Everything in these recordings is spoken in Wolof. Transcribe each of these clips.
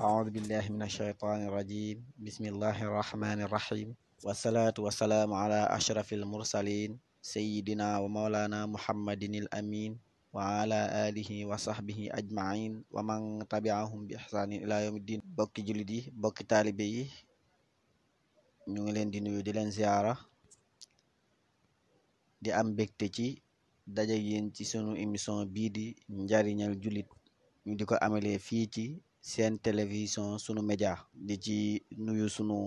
أعوذ بالله من الشيطان الرجيم بسم الله الرحمن الرحيم والصلاة والسلام على أشرف المرسلين سيدنا ومولانا محمد الأمين وعلى آله وصحبه أجمعين ومن تبعهم بإحسان إلى يوم الدين بك جلدي بك طالبي ñu ngi leen di nuyu di leen ziyaara di am mbégte ci daje yéen ci sunu émission bii di njariñal jullit ñu di ko amalee fii ci seen télévision sunu média di ci nuyu sunu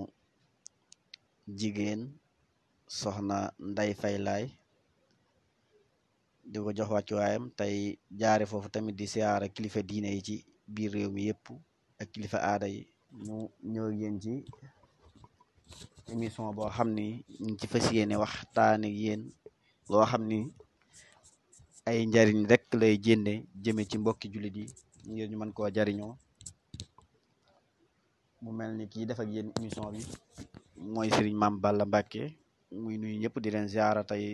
jigéen soxna nday faylay laay di ko jox wàccuwaayam tey jaare foofu tamit di siyaara kilifa diine yi ci biir réew mi yëpp ak kilifa aada yi mu ñëw yéen ci émission boo xam ni ñu ci fas yéene waxtaan ak yéen loo xam ni ay njariñ rek lay jénne jëme ci mbokki jullit yi ngir ñu mën koo jariñoo mu mel ni kii def ak yéen émission bi mooy Serigne Mame Balla Mbacke muy nuyu ñëpp di leen ziara tey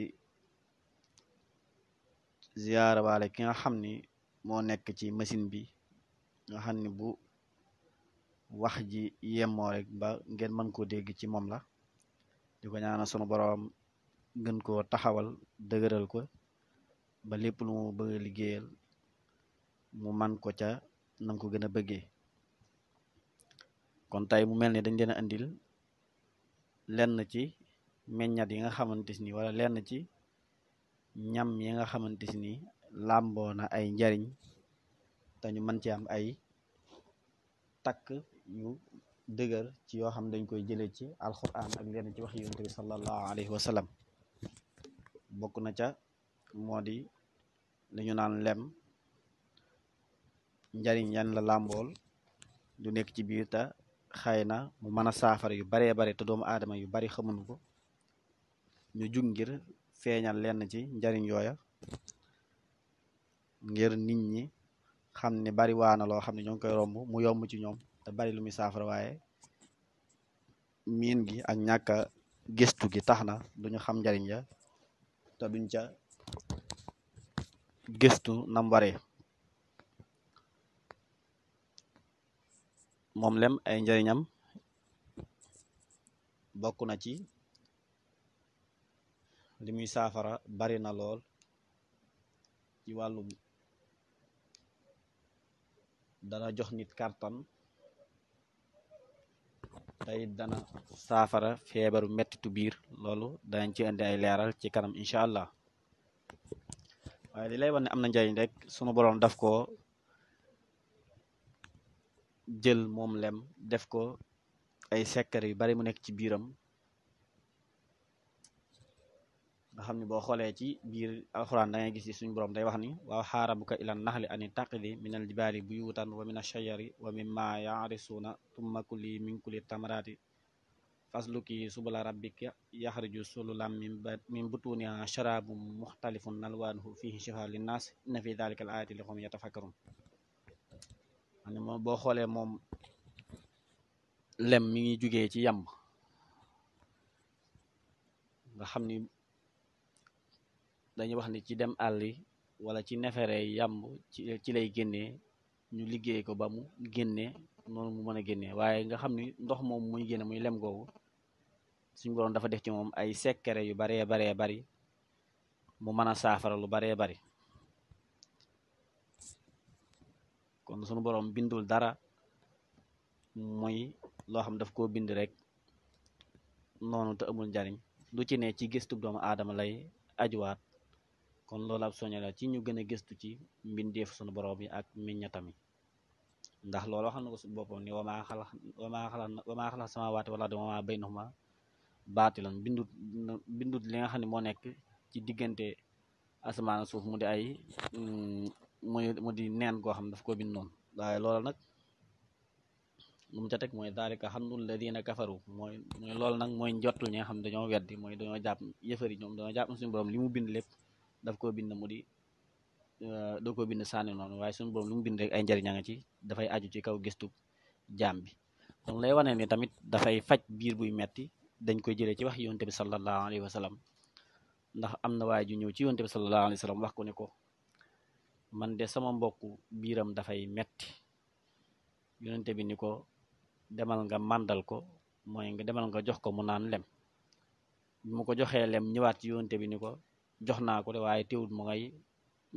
ziara waale ki nga xam ni moo nekk ci machine bi nga xam ni bu wax ji yemoo rek ba ngeen mën koo dégg ci moom la di ko ñaanal sunu borom gën koo taxawal dëgëral ko ba lépp lu mu bëgg a liggéeyal mu man ko ca nam ko gën a bëggee kon tey mu mel ni dañ leen a indil lenn ci meññat yi nga xamante ni wala lenn ci ñam yi nga xamante ni làmboo na ay njariñ te ñu mën ci am ay takk yu dëgër ci yoo xam dañ koy jële ci alquran ak lenn ci wax yonent bi sallallahu alayhi wa bokk na ca moo di li naan lem njariñ yan la làmbool du nekk ci biir ta xëy na mu mën a saafara yu baree bare te doomu aadama yu bari xamuñu ko ñu jug ngir feeñal lenn ci njariñ yooya ngir nit ñi xam ne bari waana loo xam ne ñoo ngi koy romb mu yomb ci ñoom te bari lu muy saafara waaye miin gi ak ñàkk a gëstu gi tax na duñu xam njariñ ya te duñ ca gëstu nam waree moom lem ay njariñam bokk na ci li muy saafara bari na lool ci wàllum dana jox nit kàttan tey dana saafara feebaru metitu biir loolu danañ ci indi ay leeral ci kanam incha allah waaye li lay wax ne am na njariñ rek sunu boroom daf ko jël moom lem def ko ay sekkar yu bari mu nekk ci biiram nga xam ni boo xoolee ci biir alxuraan da ngay gis ci suñu borom day wax ni waaw xaarabuka ilan naxli ani taqidi min al jibaali buyutan wa min ashajari wa mimma yaarisuuna tumma kuli min kuli tamaraati fasluki subula rabbika yaxriju sululam min butuniha sharabum muxtalifun alwaanuhu fihi shifa linnaas inna fi dalika al ayati li qawmin yatafakkarun ne moom boo xoolee moom lem mi ngi jugee ci yàmm nga xam ni dañuy wax ni ci dem àll yi wala ci nefere yamb ci lay génnee ñu liggéey ko ba mu génnee noonu mu mën a génnee waaye nga xam ni ndox moom muy génne muy lem googu suñ boroom dafa def ci moom ay sekkere yu baree baree bari mu mën a saafara lu baree bari kon sunu borom bindul dara muy loo xam daf koo bind rek noonu te amul njariñ lu ci ne ci gëstu doomu aadama lay ajuwaat kon loolu ab soññe la ci ñu gën a gëstu ci mbindeef sunu borom yi ak meññatam yi ndax looloo xam na ko su boppam ni wamaa xala waate wala dama wamaa baynahuma baatilan bindut bindut li nga xam ne moo nekk ci diggante asamaan suuf mu di ay mm, mooy mu di neen koo xam daf ko bind noonu waaye loola nag lu mu ca teg mooy daalika xamdul ladina kafaru mooy mooy loolu nag mooy njottul ñi nga xam dañoo weddi mooy dañoo jàpp yëfari ñoom dañoo jàpp suñu borom li mu bind lépp daf koo bind mu di euh, doo ko bind sànni noonu waaye suñu borom li mu bind rek ay njëriñ nga ci dafay aju ci kaw gëstu jaam bi donc lay wane ni tamit dafay faj biir buy metti dañ koy jëlee ci wax yoonte bi sallallahu alayhi wa ndax am na waaye ju ñëw ci yonte bi sallallahu alayhi wa wax ko ne ko man de sama mbokk biiram dafay metti yonente bi ni ko demal nga màndal ko mooy nga demal nga jox ko mu naan lem bi mu ko joxee lem ñëwaat ci yonente bi ni ko jox naa ko de waaye teewut mu ngay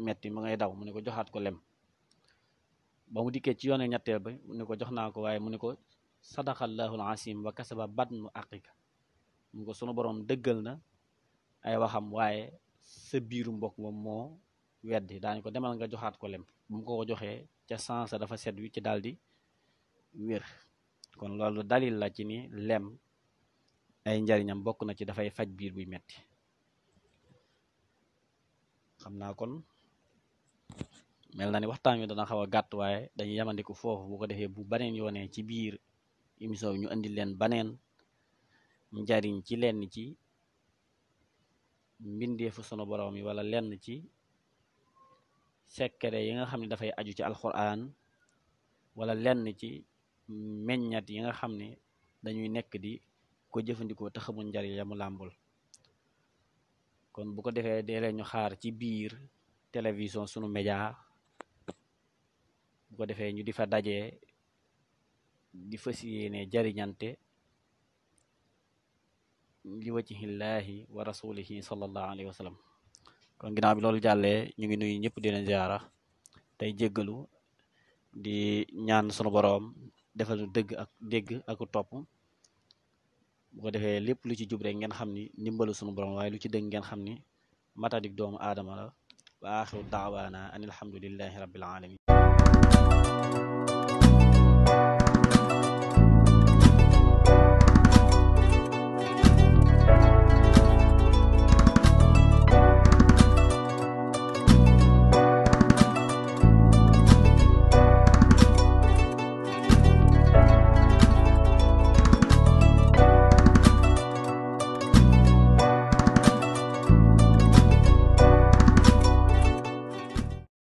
metti mu ngay daw mu ne ko joxaat ko lem ba mu dikkee ci yoone ñetteel ba mu ne ko jox naa ko waaye mu ne ko sadaqallaahu al-asiim wa kasaba batnu aqika mu ko sunu borom dëggal na ay waxam waaye sa biiru mbokk moom moo weddi daañu ko demal nga joxaat ko lem bu mu ko ko joxee ca sansa dafa set wi ci daal di wér kon loolu dalil la ci ni lem ay njariñam bokk na ci dafay faj biir buy metti xam naa kon mel na ni waxtaan wi dana xaw a gàtt waaye dañuy yamandiku foofu bu ko defee bu baneen yoonee ci biir émission bi ñu indi leen baneen njariñ ci lenn ci mbindeefu sunu borom yi wala lenn ci sekkere yi nga xam ne dafay aju ci alquran walla lenn ci meññat yi nga xam ne dañuy nekk di ko jëfandikoo te xamul njariñ mu làmbul kon bu ko defee dee leen ñu xaar ci biir télévision sunu média bu ko defee ñu di fa dajee di fas yéene jariñante ci wajhillaahi wa rasulihi sallallahu alayhi wa sallam kon ginnaaw bi loolu jàllee ñu ngi nuy ñëpp di leen ziara tey jéggalu di ñaan sunu boroom defal nu dëgg ak dégg ak topp bu ko defee lépp lu ci jub ngeen xam ni ndimbalu sunu boroom waaye lu ci dëgg ngeen xam ni matadik doomu aadama la wa axiru daawaana an alhamdulillahi rabbil alamin